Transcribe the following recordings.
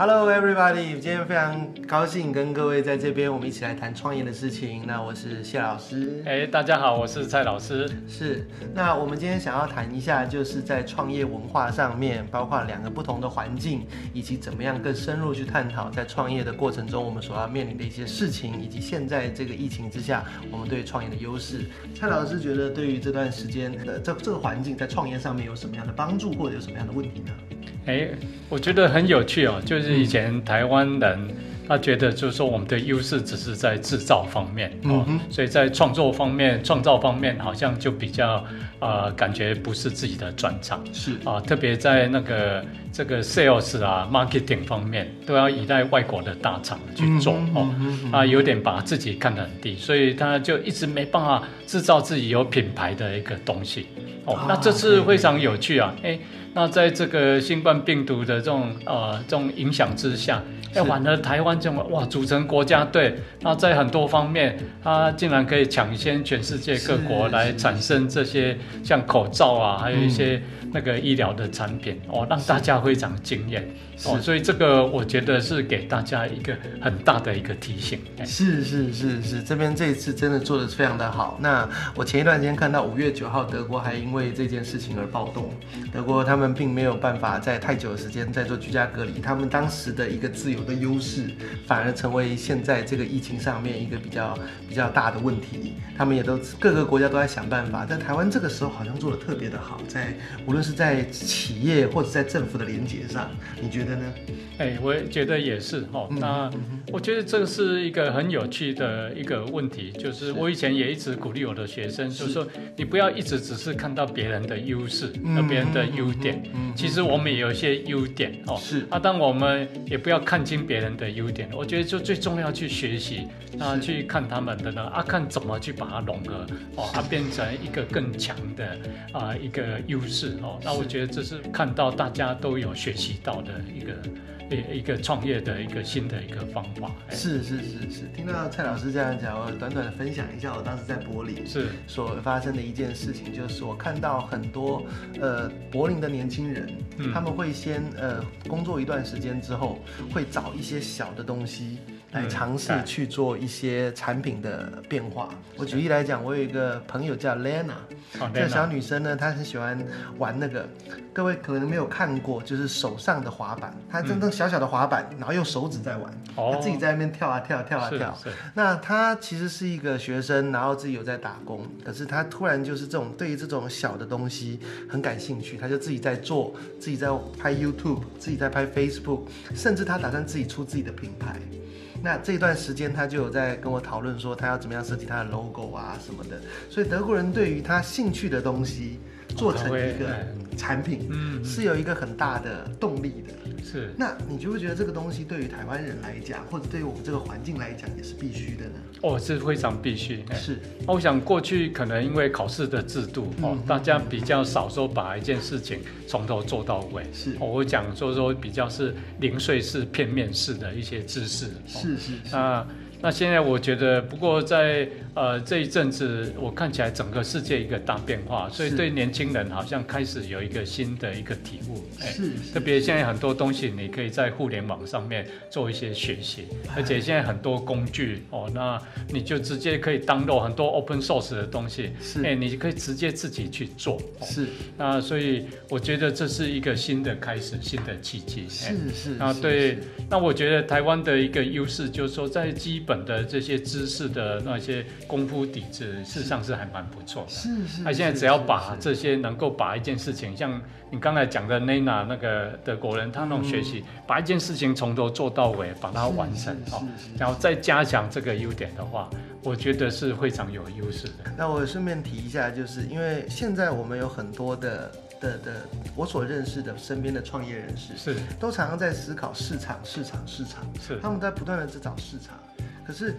Hello, everybody！今天非常高興跟各位在這邊，我們一起來談創業的事情。那我是謝老師，哎，hey，大家好，我是蔡老師。是，那我們今天想要談一下，就是在創業文化上面，包括兩個不同的環境，以及怎麼樣更深入去探討在創業的過程中，我們所要面臨的一些事情，以及現在這個疫情之下，我們對創業的優勢。蔡老師覺得，對於這段時間的這這個環境，在創業上面有什麼樣的幫助，或者有什麼樣的問題呢？哎、欸，我覺得很有趣哦、喔，就是以前台灣人他覺得，就是說我們的優勢只是在制造方面哦、喔嗯，所以在創作方面、創造方面好像就比較啊、呃，感覺不是自己的專長是啊、呃，特別在那個這個 sales 啊、marketing 方面都要依賴外國的大廠去做哦、喔，啊、嗯嗯嗯，有點把自己看得很低，所以他就一直沒辦法。製造自己有品牌的一個東西，哦，哦，那這是非常有趣啊，哎、哦欸欸，那在這個新冠病毒的這種呃這種影響之下，哎、欸，反而，台灣這種哇組成國家隊，那在很多方面，它竟然可以搶先全世界各國來產生這些像口罩啊，還有一些那個醫療的產品，哦，讓大家非常驚艷，哦，所以這個我覺得是給大家一個很大的一個提醒，是是是是，是，是，這邊這一次真的做得非常的好，那。我前一段時間看到五月九號，德國還因為這件事情而暴動。德國他們並沒有辦法在太久的時間再做居家隔離，他們當時的一個自由的優勢，反而成為現在這個疫情上面一個比較比較大的問題。他們也都各個國家都在想辦法，但台灣這個時候好像做得特別的好，在無論是在企業或者在政府的連結上，你覺得呢？哎，我也覺得也是哈，哦。那我覺得這個是一個很有趣的一個問題，就是我以前也一直鼓勵我。我的學生就是、說：“你不要一直只是看到別人的優勢和、嗯、別人的優點、嗯嗯嗯嗯，其實我們也有一些優點哦。是啊，當我們也不要看輕別人的優點，我覺得就最重要去學習，那、啊、去看他們的呢？啊，看怎麼去把它融合哦，啊，變成一個更強的啊、呃、一個優勢哦。那我覺得這是看到大家都有學習到的一個。”一一個創業的一個新的一個方法，欸、是是是是，聽到蔡老師這樣講，我短短的分享一下我當時在柏林是所發生的一件事情，就是我看到很多呃柏林的年輕人、嗯，他們會先呃工作一段時間之後，會找一些小的東西。來嘗試去做一些產品的變化。我舉例來講，我有一個朋友叫 Lena，這個、oh, 小女生呢、Lena，她很喜歡玩那個，各位可能沒有看過，就是手上的滑板，她真正，正小小的滑板，嗯，然後用手指在玩，哦，她自己在那邊跳啊跳啊跳啊跳。那她其實是一個學生，然後自己有在打工，可是她突然就是這種對於這種小的東西很感興趣，她就自己在做，自己在拍 YouTube，自己在拍 Facebook，甚至她打算自己出自己的品牌。那這段時間，他就有在跟我討論說，他要怎麼樣設計他的 logo 啊什麼的。所以德國人對於他興趣的東西，做成一個。一個產品，嗯，是有一個很大的動力的，嗯、是。那你覺不覺得這個東西對於台灣人來講，或者對於我們這個環境來講，也是必須的呢？哦，是非常必須、欸。是、啊。我想過去可能因為考試的制度、哦嗯，大家比較少說把一件事情從頭做到尾。是。哦、我講說說比較是零碎式、片面式的一些知識。是是是。是是啊那現在我覺得，不過在呃這一陣子，我看起來整個世界一個大變化，所以對年輕人好像開始有一個新的一個體悟。哎、欸，是。特別現在很多東西，你可以在互聯網上面做一些學習，而且現在很多工具哦，那你就直接可以 download 很多 open source 的東西，哎、欸，你可以直接自己去做。是、哦。那所以我覺得這是一個新的開始，新的契機。是是啊，欸、是是那對。那我覺得台灣的一個優勢就是說在基本本的這些知識的那些功夫底子，事實上是還蠻不錯的。是是。他現在只要把這些能夠把一件事情，像你剛才講的 Nana 那個德國人，他那種學習、嗯，把一件事情從頭做到尾，把它完成哦、喔，然後再加強這個優點的話，我覺得是非常有優勢的。那我順便提一下，就是因為現在我們有很多的的的、的，我所認識的身邊的創業人士，是都常常在思考市場，市場，市場，是他們在不斷的在找市場。可是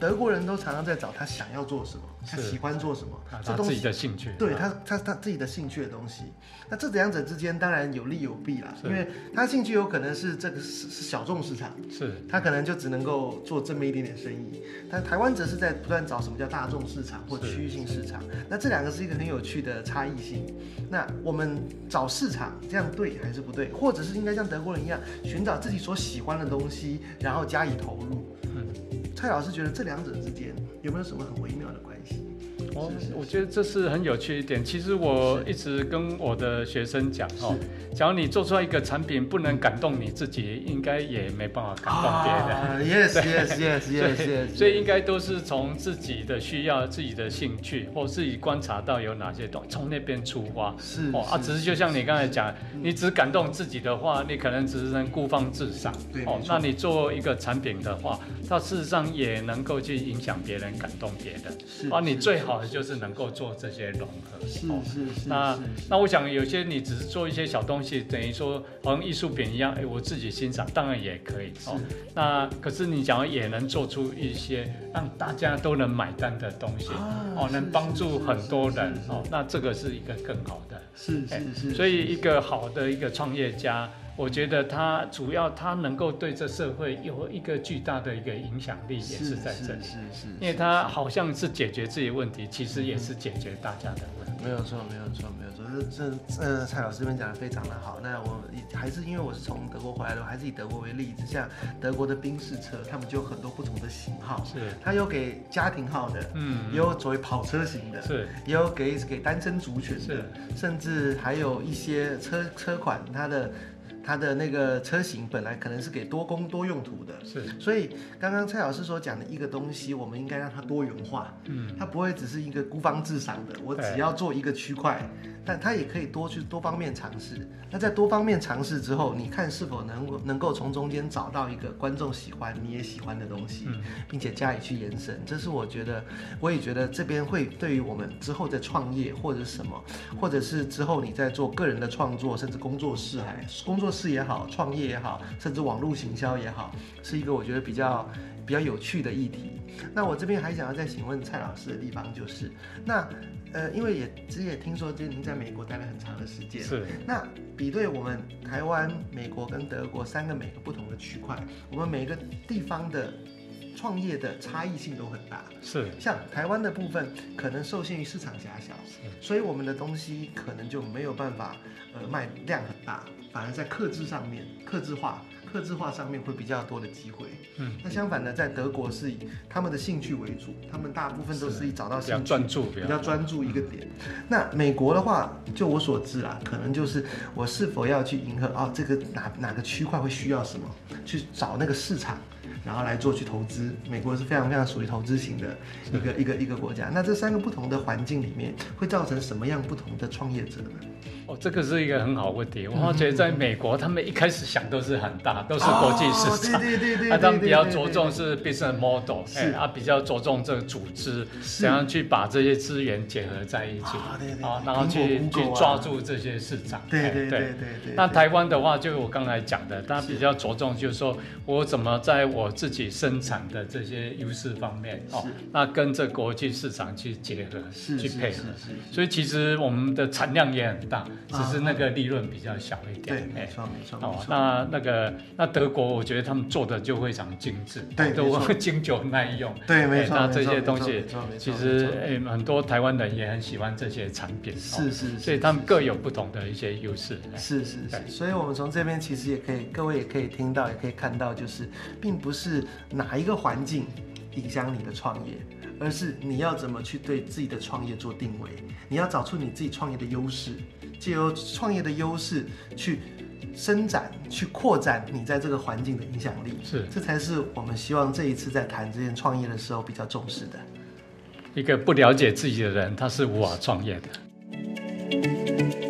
德國人都常常在找他想要做什麼，他喜歡做什麼，他這東西，他自己的興趣，對，他他他自己的興趣的東西。那這兩者之間當然有利有弊啦，因為他興趣有可能是這個是小眾市場，是他可能就只能夠做這麼一點點生意，嗯。但台灣則是在不斷找什麼叫大眾市場或區域性市場。那這兩個是一個很有趣的差異性。那我們找市場這樣對還是不對？或者是應該像德國人一樣，尋找自己所喜歡的東西，然後加以投入？蔡老師覺得這兩者之間有沒有什麼很微妙的關係？哦，我覺得這是很有趣一點。其實我一直跟我的學生講哦，假如你做出來一個產品不能感動你自己，應該也沒辦法感動別人。Yes, yes, yes, yes, yes。所以應該都是從自己的需要、自己的興趣或自己觀察到有哪些東西，從那邊出發。是哦，啊，只是就像你剛才講，你只感動自己的話，你可能只是能孤芳自賞。對哦，那你做一個產品的話，它事實上也能夠去影響別人、感動別人。是啊，你最好。就是能夠做這些融合，是是是、哦、是,是。那是是那我想有些你只是做一些小東西，等於說好像藝術品一樣，哎，我自己欣賞當然也可以哦。那可是你想要也能做出一些讓大家都能買單的東西哦，能幫助很多人哦。那這個是一個更好的，是、哎、是是、是。所以一個好的一個創業家。我覺得他主要他能夠對這社會有一個巨大的一個影響力，也是在這裡，因為他好像是解決自己問題，其實也是解決大家的問題。嗯嗯、沒有錯，沒有錯，沒有錯。這這、呃、蔡老師這邊講的非常的好。那我還是因為我是從德國回來的，還是以德國為例子。像德國的賓士車，他們就有很多不同的型號，是。它有給家庭號的，嗯，也有作為跑車型的，是，也有給給單身族群的，是，甚至還有一些車車款，它的。它的那個車型本來可能是給多工多用途的，是，所以剛剛蔡老師所講的一個東西，我們應該讓它多元化，嗯，它不會只是一個孤芳自賞的，我只要做一個區塊，但它也可以多去多方面嘗試。那在多方面嘗試之後，你看是否能能夠從中間找到一個觀眾喜歡、你也喜歡的東西，嗯，並且加以去延伸。這是我覺得，我也覺得這邊會對於我們之後的創業或者什麼，或者是之後你在做個人的創作，甚至工作室還工作室。也好，創業也好，甚至網絡行銷也好，是一個我覺得比較比較有趣的議題。那我這邊還想要再請問蔡老師的地方就是，那呃，因為也其實也聽說今天您在美國待了很長的時間，是。那比對我們台灣、美國跟德國三個每個不同的區塊，我們每個地方的。創業的差異性都很大，是，像台灣的部分，可能受限於市場狹小，所以我們的東西可能就沒有辦法，呃，賣量很大，反而在客製上面，客製化、客製化上面會比較多的機會。嗯，那相反呢，在德國是以他們的興趣為主，他們大部分都是以找到興趣，比較專注，比較專注一個點。嗯。那美國的話，就我所知啦，可能就是我是否要去迎合啊、哦，這個哪哪個區塊會需要什麼，去找那個市場。然後來做去投資，美國是非常非常屬於投資型的一個的一個一個，一個國家。那這三個不同的環境裡面，會造成什麼樣不同的創業者呢？哦，這個是一個很好問題。我發覺在美國、嗯，他們一開始想都是很大，都是國際市場，哦，對對對，對，對，對、啊。他們比較着重是 business model，是，哎，啊，比較着重這個組織怎樣、嗯，去把這些資源結合在一起，好，哦，然後去，啊，去抓住這些市場。對對對對對，對對對對對。那台灣的話，就我剛才講的，他比較着重就是說是我怎麼在我自己生產的這些優勢方面哦，那跟着國際市場去結合，是去配合是是是是，所以其實我們的產量也很大，啊、只是那個利潤比較小一點。啊、對，沒錯、欸，沒錯。好、哦，那那個那德國，我覺得他們做的就非常精致，對，都會經久耐用。對，沒錯、欸。那這些東西，沒錯沒錯其實沒錯沒錯、欸、很多台灣人也很喜歡這些產品。是、哦、是，所以他們各有不同的一些優勢。是、欸、是是，所以我們從這邊其實也可以，各位也可以聽到，也可以看到，就是並不是。是哪一個環境影響你的創業，而是你要怎麼去對自己的創業做定位？你要找出你自己創業的優勢，借由創業的優勢去伸展、去擴展你在這個環境的影響力。是，這才是我們希望這一次在談這件創業的時候比較重視的。一個不了解自己的人，他是無法創業的。嗯嗯。